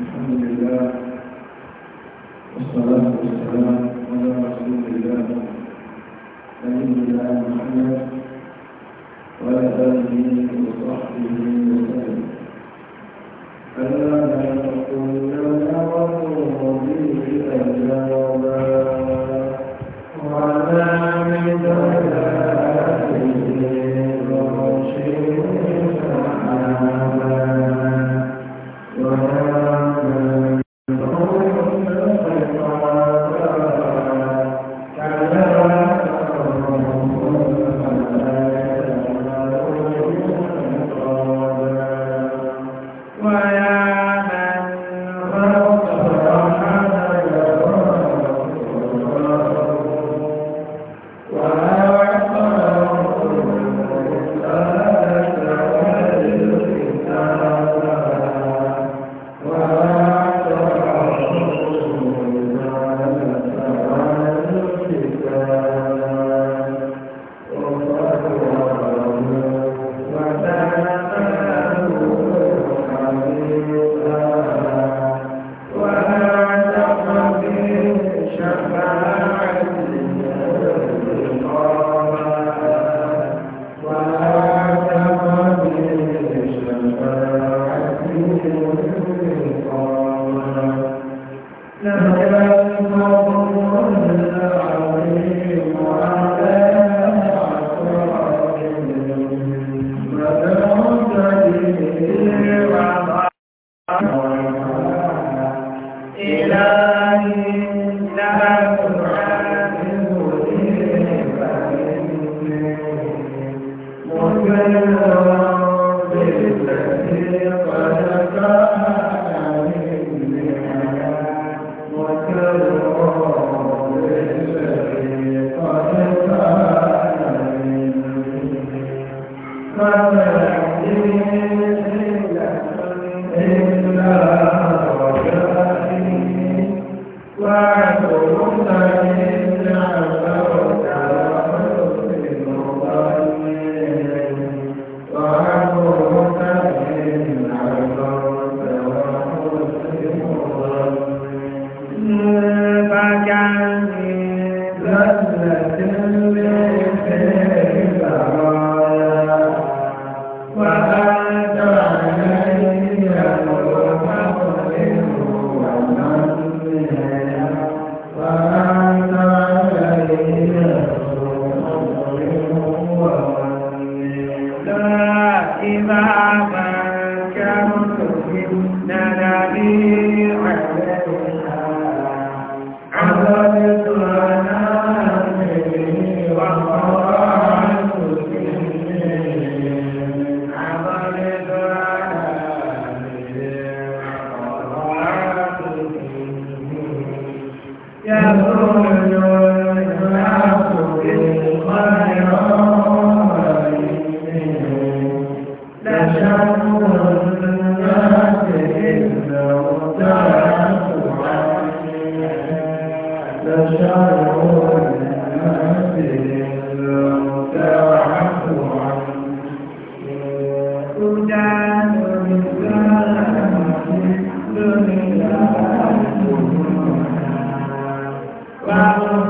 الحمد لله والصلاة والسلام على رسول الله نبينا محمد وعلى آله وصحبه وسلم ألا نقول لنا وقل ربي أجل you. Amen. Bible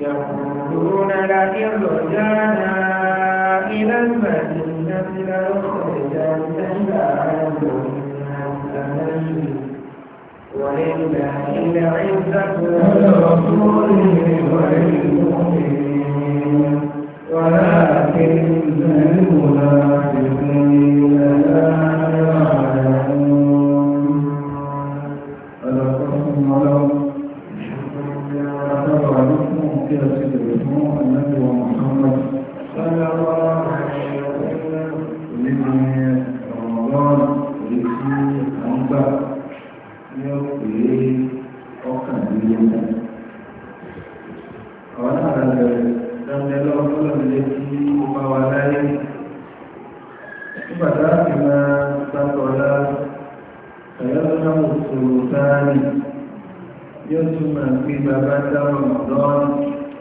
يقولون لئن رجعنا إلى المدينة لنخرجن أهلنا ولله العزة ولرسوله وللمؤمنين ولكن المنافقين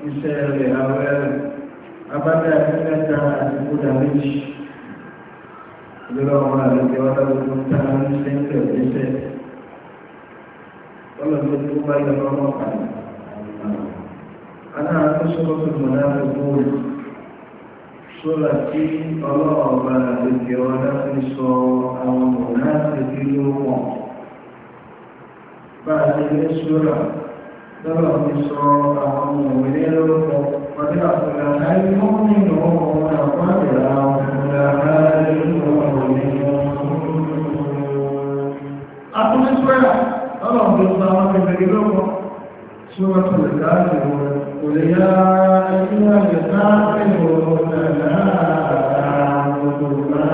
iṣẹ́ rẹ̀ àwẹ̀ rẹ̀ abájá ìpínlẹ̀ta àti kódà méjì lọ́wọ́ àwọn àlejò ọlọ́run tá a ń ṣe ń tẹ̀ ọ́dẹ́sẹ̀ ọlọ́run tó bá yẹ ọmọ pàdé aná àtúnṣọ́rọ́ tó mọ̀ náà tó bó rẹ̀ sọ́la tí ọlọ́ọ̀bà àlejò ọlọ́run sọ àwọn ọmọ náà ti dúró wọn bá a ti lé sọ́ra lọ́rọ̀ mi sọ àwọn òwe lórúkọ wọ́n àkùnrin àárín mọ́mí lọ́wọ́ wọn àwọn àgbẹ̀rẹ̀ àkùnrin àárín lọ́wọ́ mi. Àkùnrin sọ́yà lọ́rọ̀ mi sọ àwọn kẹfẹ́rẹ́ lọ́wọ́ سورة الكافر قل يا أيها الكافرون لا أعبد ما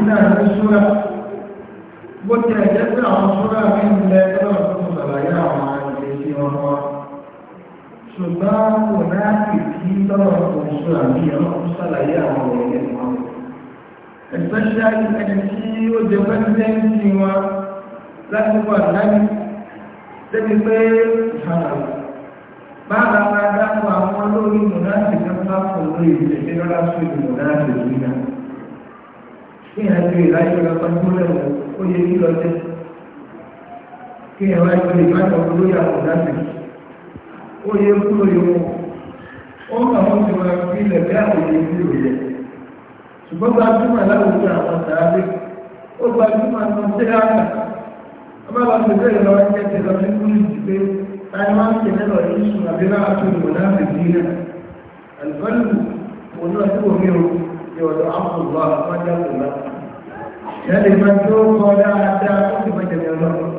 nínú àwọn ṣúra bó ti ẹ̀jẹ́ pé àwọn ṣúra mi ń lẹ tọ́lọ̀ tó sàlàyé àwọn ìrètí ọmọ ṣùgbọ́n kò especially ẹni tí ó jẹ pẹ́sidẹ́ntì wọn láti wà láyé débi pé ìhànàlá bára máa dáhùn àwọn olórí mùnáàtì kan bá fòrò ìrètí lọ́lá sí ìmùnáàtì yìí kí ẹ̀ lè láyé ọ̀pá tó lẹ́wọ̀ ó yẹ kí lọ tẹ́ kí ẹ̀ wáyé lè má lọ lórí àwọn dáṣẹ̀ ó yẹ kú lórí wọn ó ń àwọn tí wọn fi ilẹ̀ bí àwọn yẹ kí lórí ẹ̀ ṣùgbọ́n bá túmọ̀ láwùjọ àwọn sàábé ó bá túmọ̀ lọ sí àgbà ọba bá ti bẹ́ẹ̀ lọ ẹgbẹ́ ti lọ sí kúrú ìdílé táyé wọn ti lẹ́lọ yìí àbí láwọn tó lò náà lè dín náà àlùfáà sí ọ̀dọ̀ àmúlùmọ́ àpájá kò lọ. Ìyáde máa tó kọ dáadáa tó sì máa jẹ̀mí ọlọ́run.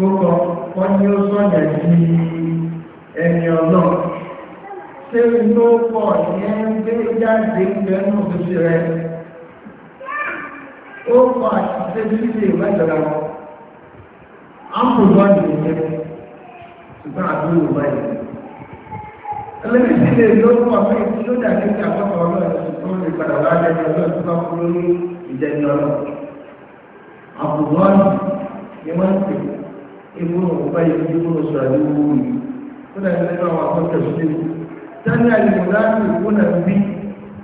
Ó kọ wọ́n ní ó sọ̀yà di ẹni ọlọ́run. Ṣé inú pọ̀ yẹn gbé jáde gbẹ́nu òṣìṣẹ́ rẹ̀? Ó kọ àṣìṣe sílé ìwádìí ọ̀dọ̀ àmúlùmọ́ nìyẹn ṣùgbọ́n àdúrà báyìí ẹlẹ́yìn sílẹ̀ ló ń wà fún ìdí ló dàbí ìjà àkọ́kọ́ tó ti padà wá lẹ́yìn ọjọ́ tó bá kú lórí ìjẹni ọlọ́ àbùbọ́ọ̀nù ni wọ́n ń pè ibùdó òkúta yìí ibùdó sọ̀rọ̀ ìwúwo yìí tó náà ní lẹ́nu àwọn akọ́kẹ́ sílẹ̀ sani àyùmọ̀lá ti kú náà bí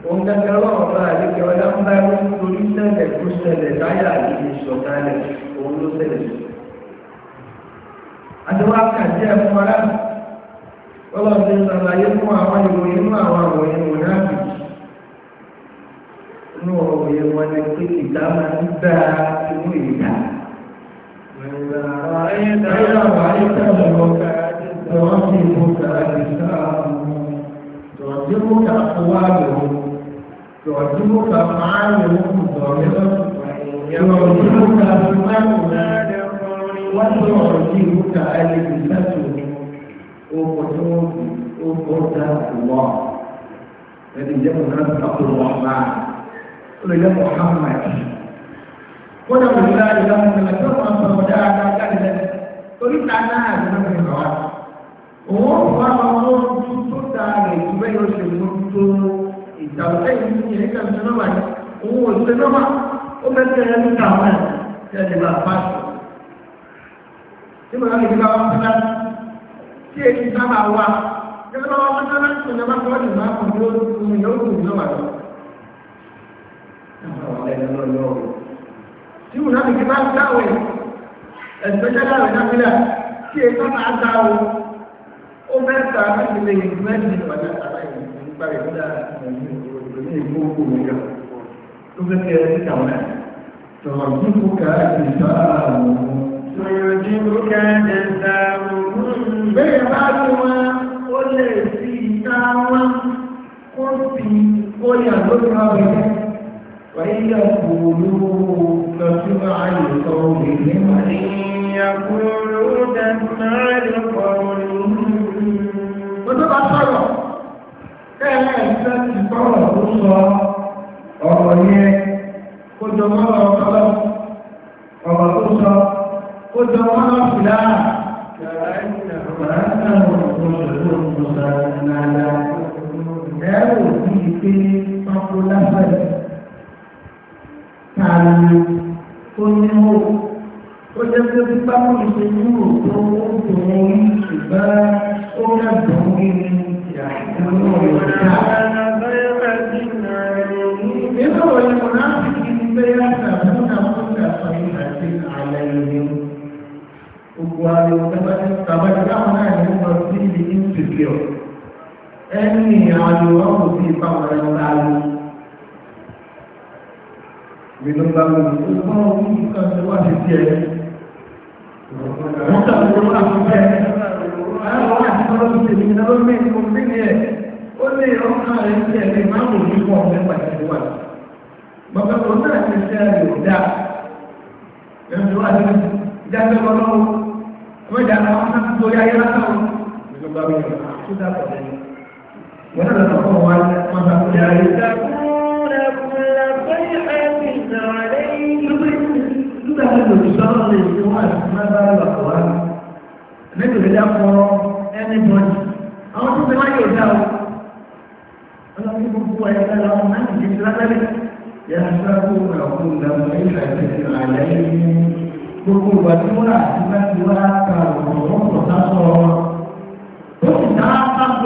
òun gẹ́gẹ́ ọlọ́run bá àdékẹ́ ọlá ń bá ẹgbẹ́ torí ṣẹlẹ̀ tó ṣẹlẹ̀ táyà yìí sọ̀tálẹ̀ òun ló ṣẹlẹ̀ sí. àdéhùn àkàtì ẹ̀fọn aláàbò ọlọ́run ti sàlàyé fún àwọn ìròyìn náà àwọn ìròyìn mọ̀nà àbìkì inú ọ̀rọ̀ yẹn wọn ni pé ìta máa ń dá inú ìyá. Ẹ̀yà wà ní sẹ́wọ̀n lọ́kà wọ́n ti mú kàrà ní sáà mú. Tọ̀jú mú kà fún wa lò ó. Tọ̀jú mú kà máa lò ó kù tọ̀jú lọ. Tọ̀jú mú kà fún wa lò ó. Wọ́n ti ọ̀rọ̀ sí mú kà ẹni kì í sẹ́tù. Oko tó oko dá wọ̀. Ẹni jẹ́ kò náà sàkóso wọ̀ máa olùdó Muhammad wọ́n mú tó ìjà ọ̀sẹ̀ lẹ́nu lọ́yọ́ o tí mo náà fi bá ń dáwẹ̀ ẹ̀sìpẹ́ṣẹ́lá rẹ̀ dábílà tí èso máa dá o ó fẹ́ ta láti lè yẹn fún ẹ̀sìn ìpàdé àtàlàyé nípa ìdá ìròyìn ìgbó òkú mi yọ tó fẹ́ kẹ́ ẹ síta wọn tọ̀rọ̀ tí kò ká ìgbà àwọn tọ̀rọ̀ tí kò ká ìgbà àwọn bẹ́ẹ̀ bá ti wọn ó lè fi ìta wọn ó fi ó yà lórí ọ̀rẹ́ وإن يقولوا تسمع لقولهم وإن يقولوا تسمع لقولهم وتبع الصلاة كان يحتاج صلاة أخرى أغنية كنت مرة وخلاص وخصوصا كنت مرة فلان كأنه كأنه ẹni àjò ọ̀pọ̀ sí ìpàwọn ẹ̀láàrí ìrìnlọ́gbàmù ìpàwọn ìpàwọn ìpàwọn ìpàwọn ìpàwọn padà bàbá tó náà ti ṣe àrè ọ̀dà ẹ̀rọ tó wà nínú ìdájọ́ ọlọ́run ọmọ ìjà àwọn náà ti torí ayé látọ̀ ìjọba mi tó dàpọ̀ lẹ́yìn wọ́n náà lọ́kọ̀ wọn wá wọn bá kúrẹ́ ayé. Nígbà tí mo ti sọ́nà lè ṣe wá ìsinmi bá lọ́kọ̀ wá, nígbà tí mo ti dá fọ́ ẹni bọ́ọ̀dì, àwọn tó ti wáyé ọ̀dà o ọlọ́run gbogbo ẹ̀ka lọ́wọ́ náà ti ti lábẹ́lẹ̀ yàtúndàkùn ọ̀hún làwọn ìlà ìtẹ̀sẹ̀ àlẹ́ yìí gbogbo ìwà tí wọ́n àti láti wá